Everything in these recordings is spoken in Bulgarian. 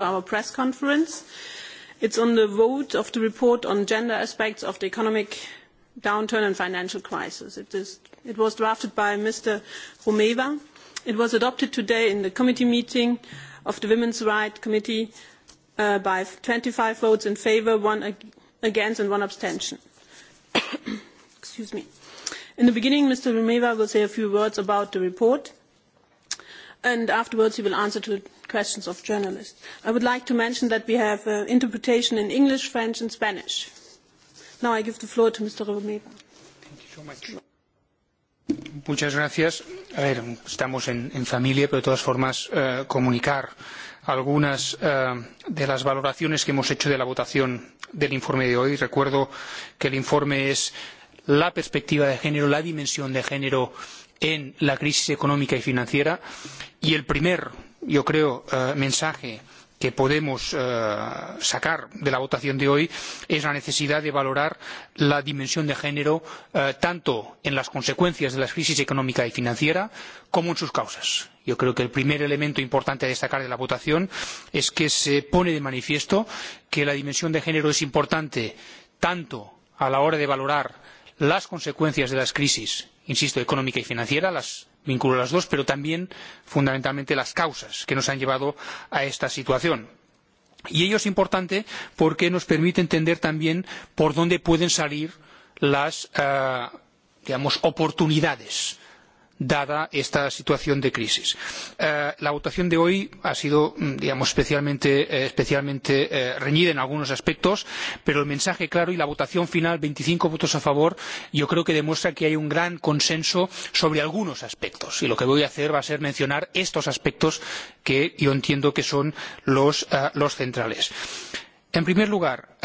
our press conference. It's on the vote of the report on gender aspects of the economic downturn and financial crisis. It, was drafted by Mr. Romeva. It was adopted today in the committee meeting of the Women's Rights Committee uh, by 25 votes in favour, one ag against and one abstention. Excuse me. In the beginning, Mr. Romeva will say a few words about the report and afterwards you will answer to questions of journalists. I would like to mention that we have uh, interpretation in English, French and Spanish. Now I give the floor to Mr. Romero. Thank you so much. Muchas gracias. A ver, estamos en, en familia, pero de todas formas eh, comunicar algunas eh, de las valoraciones que hemos hecho de la votación del informe de hoy. Recuerdo que el informe es la perspectiva de género, la dimensión de género en la crisis económica y financiera y el primer, yo creo, mensaje que podemos sacar de la votación de hoy es la necesidad de valorar la dimensión de género tanto en las consecuencias de la crisis económica y financiera como en sus causas. Yo creo que el primer elemento importante a destacar de la votación es que se pone de manifiesto que la dimensión de género es importante tanto a la hora de valorar las consecuencias de las crisis insisto, económica y financiera, las vinculo las dos, pero también fundamentalmente las causas que nos han llevado a esta situación. Y ello es importante porque nos permite entender también por dónde pueden salir las, oportunidades dada esta situación de crisis. la votación de hoy ha sido digamos, especialmente, reñida en algunos aspectos, pero el mensaje claro y la votación final, veinticinco votos a favor, yo creo que demuestra que hay un gran consenso sobre algunos aspectos. Y lo que voy a hacer va a ser mencionar estos aspectos que yo entiendo que son los, centrales. En primer lugar,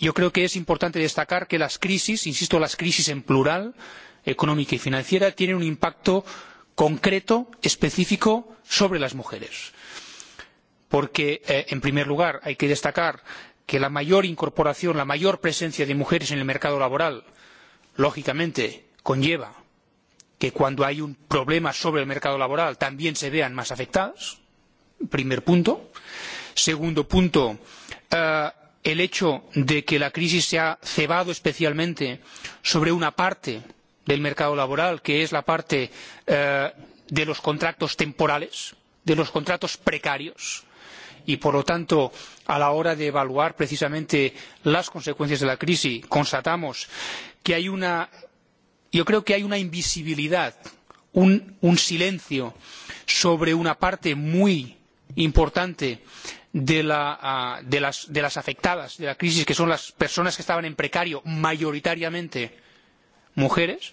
yo creo que es importante destacar que las crisis, insisto, las crisis en plural, económica y financiera tienen un impacto concreto, específico, sobre las mujeres. Porque, en primer lugar, hay que destacar que la mayor incorporación, la mayor presencia de mujeres en el mercado laboral, lógicamente, conlleva que cuando hay un problema sobre el mercado laboral también se vean más afectadas. Primer punto. Segundo punto, el hecho de que la crisis se ha cebado especialmente sobre una parte del mercado laboral, que es la parte de los contratos temporales, de los contratos precarios, y por lo tanto a la hora de evaluar precisamente las consecuencias de la crisis constatamos que hay una yo creo que hay una invisibilidad un, silencio sobre una parte muy importante de, las, afectadas de la crisis que son las personas que estaban en precario mayoritariamente mujeres.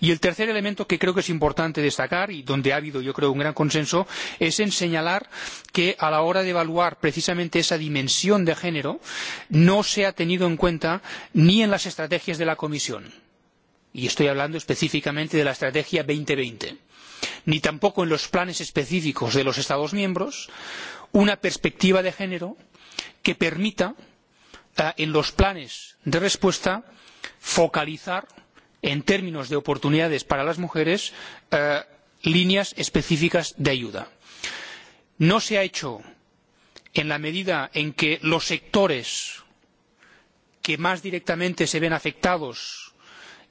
Y el tercer elemento que creo que es importante destacar y donde ha habido, yo creo, un gran consenso es en señalar que a la hora de evaluar precisamente esa dimensión de género no se ha tenido en cuenta ni en las estrategias de la Comisión y estoy hablando específicamente de la estrategia dos mil veinte ni tampoco en los planes específicos de los Estados miembros una perspectiva de género que permita en los planes de respuesta focalizar en términos de oportunidades para las mujeres líneas específicas de ayuda. No se ha hecho en la medida en que los sectores que más directamente se ven afectados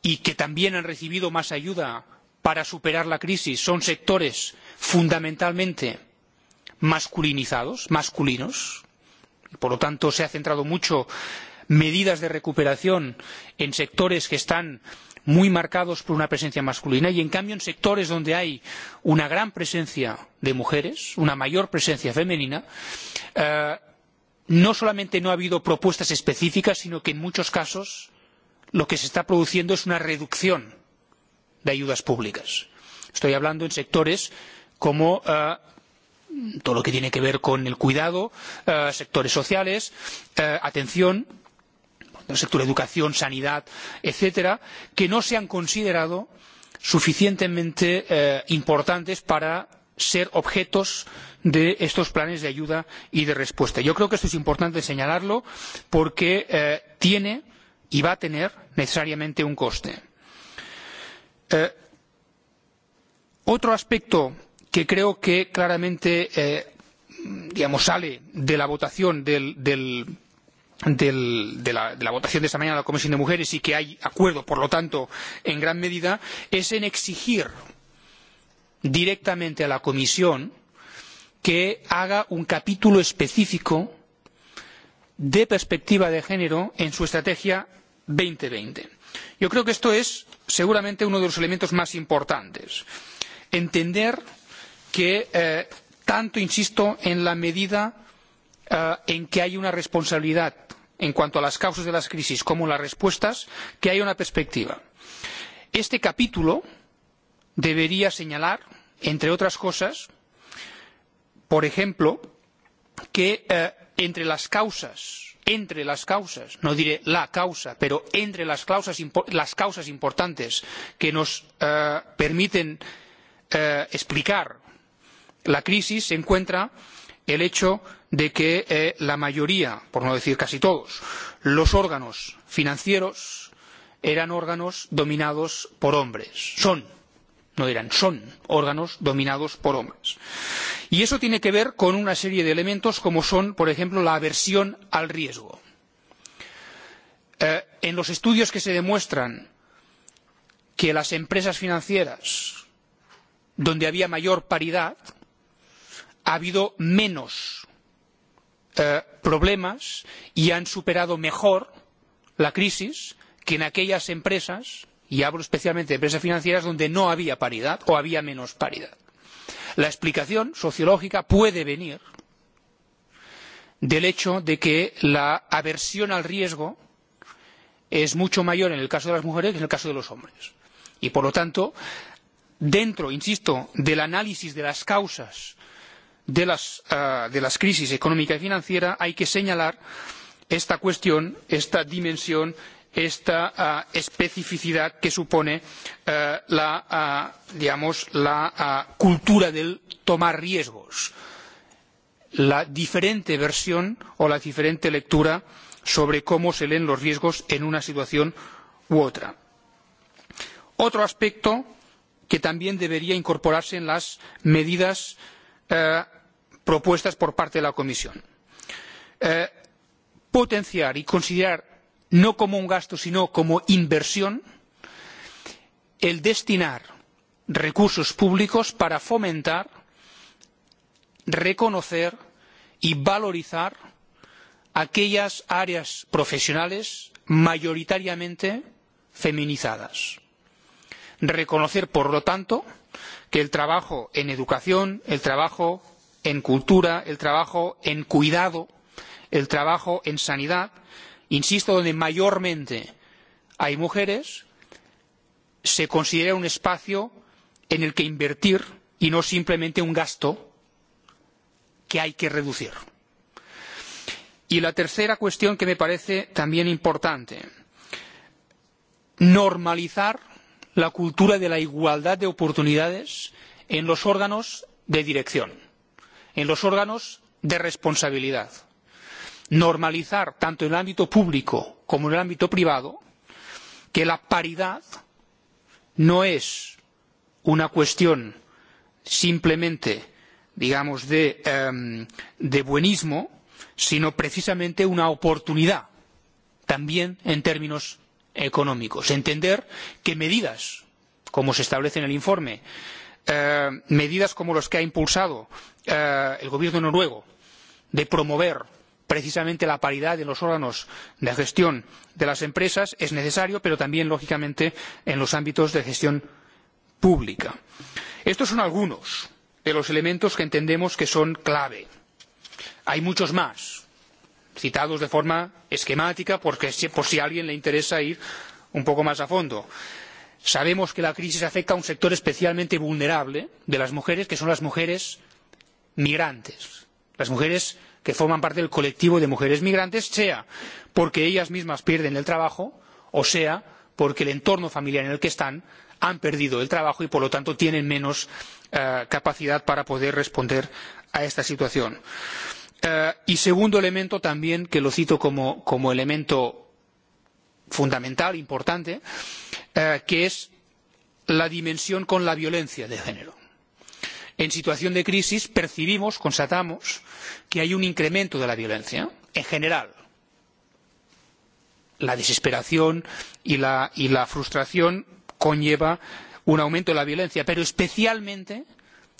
y que también han recibido más ayuda para superar la crisis son sectores fundamentalmente masculinizados, masculinos, por lo tanto se ha centrado mucho medidas de recuperación en sectores que están muy marcados por una presencia masculina y en cambio en sectores donde hay una gran presencia de mujeres, una mayor presencia femenina, no solamente no ha habido propuestas específicas, sino que en muchos casos lo que se está produciendo es una reducción de ayudas públicas. Estoy hablando en sectores como todo lo que tiene que ver con el cuidado, sectores sociales, atención, el sector educación, sanidad, etcétera, que no se han considerado suficientemente importantes para ser objetos de estos planes de ayuda y de respuesta. Yo creo que esto es importante señalarlo porque tiene y va a tener necesariamente un coste. otro aspecto que creo que claramente sale de la votación del de la, votación de esta mañana de la Comisión de Mujeres y que hay acuerdo, por lo tanto, en gran medida, es en exigir directamente a la Comisión que haga un capítulo específico de perspectiva de género en su estrategia dos mil veinte. Yo creo que esto es seguramente uno de los elementos más importantes. Entender que tanto insisto en la medida en que hay una responsabilidad en cuanto a las causas de las crisis como las respuestas, que haya una perspectiva. Este capítulo debería señalar, entre otras cosas, por ejemplo, que entre las causas, entre las causas, no diré la causa, pero entre las causas, importantes que nos permiten explicar la crisis se encuentra el hecho de que la mayoría, por no decir casi todos, los órganos financieros eran órganos dominados por hombres. Son, no eran, son órganos dominados por hombres. Y eso tiene que ver con una serie de elementos como son, por ejemplo, la aversión al riesgo. en los estudios que se demuestran que las empresas financieras donde había mayor paridad ha habido menos problemas y han superado mejor la crisis que en aquellas empresas y hablo especialmente de empresas financieras donde no había paridad o había menos paridad. La explicación sociológica puede venir del hecho de que la aversión al riesgo es mucho mayor en el caso de las mujeres que en el caso de los hombres. Y por lo tanto, dentro, insisto, del análisis de las causas de las crisis económica y financiera hay que señalar esta cuestión esta dimensión esta especificidad que supone la cultura del tomar riesgos la diferente versión o la diferente lectura sobre cómo se leen los riesgos en una situación u otra. Otro aspecto que también debería incorporarse en las medidas propuestas por parte de la Comisión. potenciar y considerar no como un gasto, sino como inversión, el destinar recursos públicos para fomentar, reconocer y valorizar aquellas áreas profesionales mayoritariamente feminizadas reconocer por lo tanto que el trabajo en educación el trabajo en cultura el trabajo en cuidado el trabajo en sanidad insisto donde mayormente hay mujeres se considera un espacio en el que invertir y no simplemente un gasto que hay que reducir. Y la tercera cuestión que me parece también importante normalizar la cultura de la igualdad de oportunidades en los órganos de dirección, en los órganos de responsabilidad. Normalizar, tanto en el ámbito público como en el ámbito privado, que la paridad no es una cuestión simplemente, digamos, de, buenismo, sino precisamente una oportunidad, también en términos económicos. Entender que medidas, como se establece en el informe, medidas como las que ha impulsado el gobierno noruego de promover precisamente la paridad en los órganos de gestión de las empresas es necesario, pero también, lógicamente, en los ámbitos de gestión pública. Estos son algunos de los elementos que entendemos que son clave. Hay muchos más citados de forma esquemática porque, por si a alguien le interesa ir un poco más a fondo. Sabemos que la crisis afecta a un sector especialmente vulnerable de las mujeres, que son las mujeres migrantes, las mujeres que forman parte del colectivo de mujeres migrantes, sea porque ellas mismas pierden el trabajo o sea porque el entorno familiar en el que están han perdido el trabajo y por lo tanto tienen menos capacidad para poder responder a esta situación. Eh, y segundo elemento también, que lo cito como, como elemento fundamental, importante, que es la dimensión con la violencia de género. En situación de crisis percibimos, constatamos, que hay un incremento de la violencia en general. La desesperación y la, y la frustración conlleva un aumento de la violencia, pero especialmente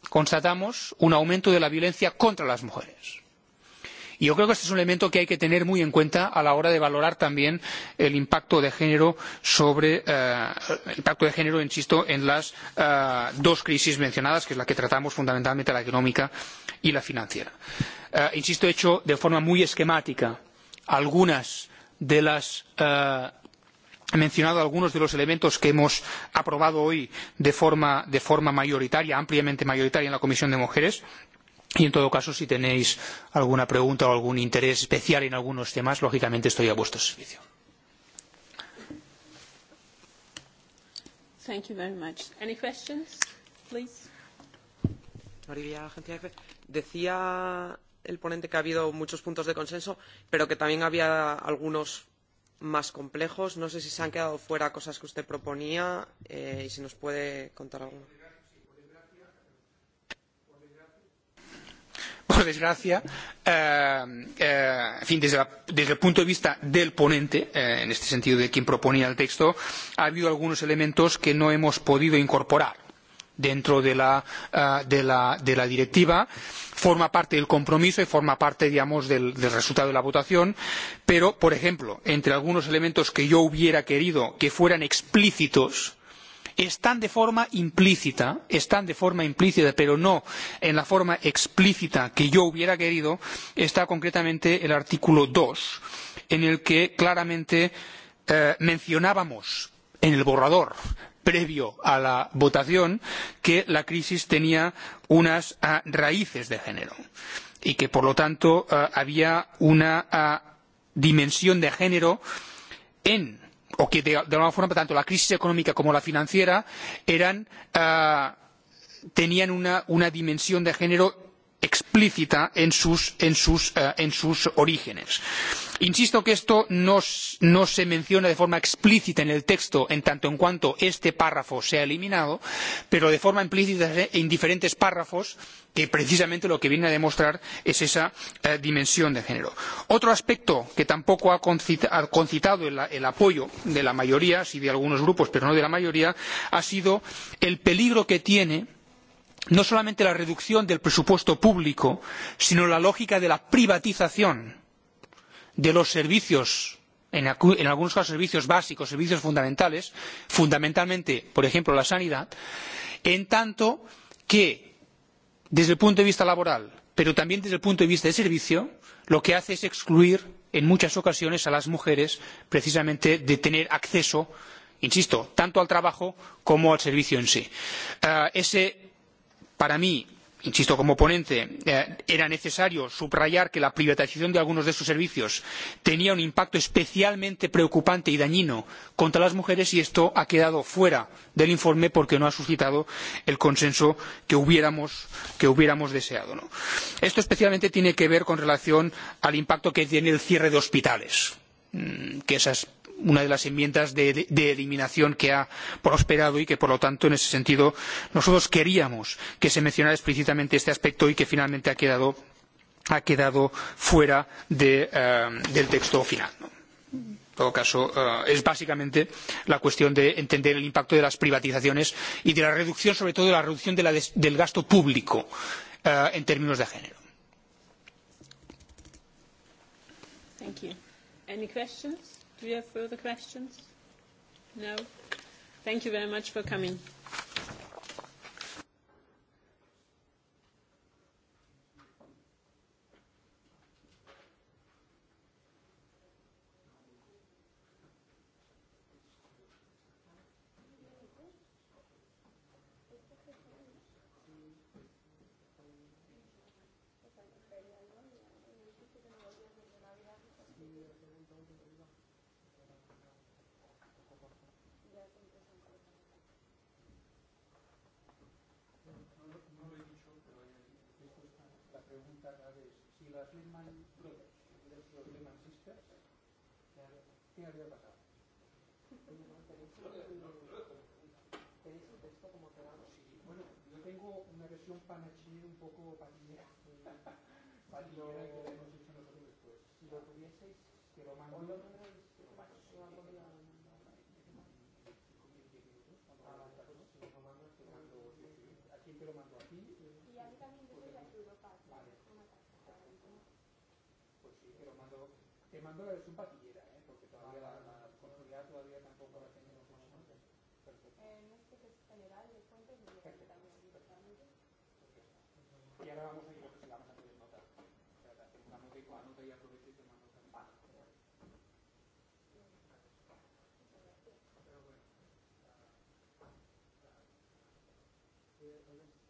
constatamos un aumento de la violencia contra las mujeres Y yo creo que este es un elemento que hay que tener muy en cuenta a la hora de valorar también el impacto de género sobre el impacto de género, insisto, en las dos crisis mencionadas, que es la que tratamos fundamentalmente la económica y la financiera. insisto, he hecho de forma muy esquemática algunas de las He mencionado algunos de los elementos que hemos aprobado hoy de forma mayoritaria, ampliamente mayoritaria en la Comisión de Mujeres. Y en todo caso, si tenéis alguna pregunta o algún interés especial en algunos temas, lógicamente estoy a vuestro servicio. Thank you very much. Any questions, please? Agencia EFE. Decía el ponente que ha habido muchos puntos de consenso, pero que también había algunos más complejos. No sé si se han quedado fuera cosas que usted proponía eh, y si nos puede contar alguno. por desgracia, en fin, desde, el punto de vista del ponente, en este sentido de quien proponía el texto, ha habido algunos elementos que no hemos podido incorporar dentro de la, directiva. Forma parte del compromiso y forma parte, digamos, del, resultado de la votación. Pero, por ejemplo, entre algunos elementos que yo hubiera querido que fueran explícitos están de forma implícita, están de forma implícita, pero no en la forma explícita que yo hubiera querido, está concretamente el artículo dos, en el que claramente mencionábamos en el borrador previo a la votación que la crisis tenía unas raíces de género y que por lo tanto había una dimensión de género en o que de, alguna forma tanto la crisis económica como la financiera tenían una, dimensión de género explícita en sus, orígenes. Insisto que esto no, se menciona de forma explícita en el texto en tanto en cuanto este párrafo sea eliminado, pero de forma implícita en diferentes párrafos que precisamente lo que viene a demostrar es esa dimensión de género. Otro aspecto que tampoco ha concitado el, apoyo de la mayoría, sí de algunos grupos, pero no de la mayoría, ha sido el peligro que tiene no solamente la reducción del presupuesto público, sino la lógica de la privatización de los servicios en algunos casos servicios básicos, servicios fundamentales, fundamentalmente, por ejemplo, la sanidad, en tanto que, desde el punto de vista laboral, pero también desde el punto de vista de servicio, lo que hace es excluir en muchas ocasiones a las mujeres precisamente de tener acceso, insisto, tanto al trabajo como al servicio en sí. ese Para mí, insisto, como ponente, era necesario subrayar que la privatización de algunos de sus servicios tenía un impacto especialmente preocupante y dañino contra las mujeres y esto ha quedado fuera del informe porque no ha suscitado el consenso que hubiéramos, deseado. Esto especialmente tiene que ver con relación al impacto que tiene el cierre de hospitales que esa es una de las enmiendas de, eliminación que ha prosperado y que, por lo tanto, en ese sentido, nosotros queríamos que se mencionara explícitamente este aspecto y que finalmente ha quedado, fuera del texto final. En todo caso, es básicamente la cuestión de entender el impacto de las privatizaciones y de la reducción, sobre todo, de la reducción del gasto público en términos de género. Any questions? Do you have further questions? No? Thank you very much for coming. la pregunta acá es si las Lehman Brothers y Lehman Sisters, ¿qué habría pasado? ¿Tenéis el texto como pegado? Sí, bueno, yo tengo una versión panachir un poco patillera. patillera que hemos hecho nosotros después. Si lo tuvieseis, que lo mando. Te mando la versión patillera, ¿eh? porque todavía la, la consolidada todavía tampoco la tenemos más o menos. Perfecto. En este que es general, de fuentes, me llega Y ahora vamos a ir lo que de notar. Trata con la nota ya aproveché y te mando también. Vale. Pero bueno.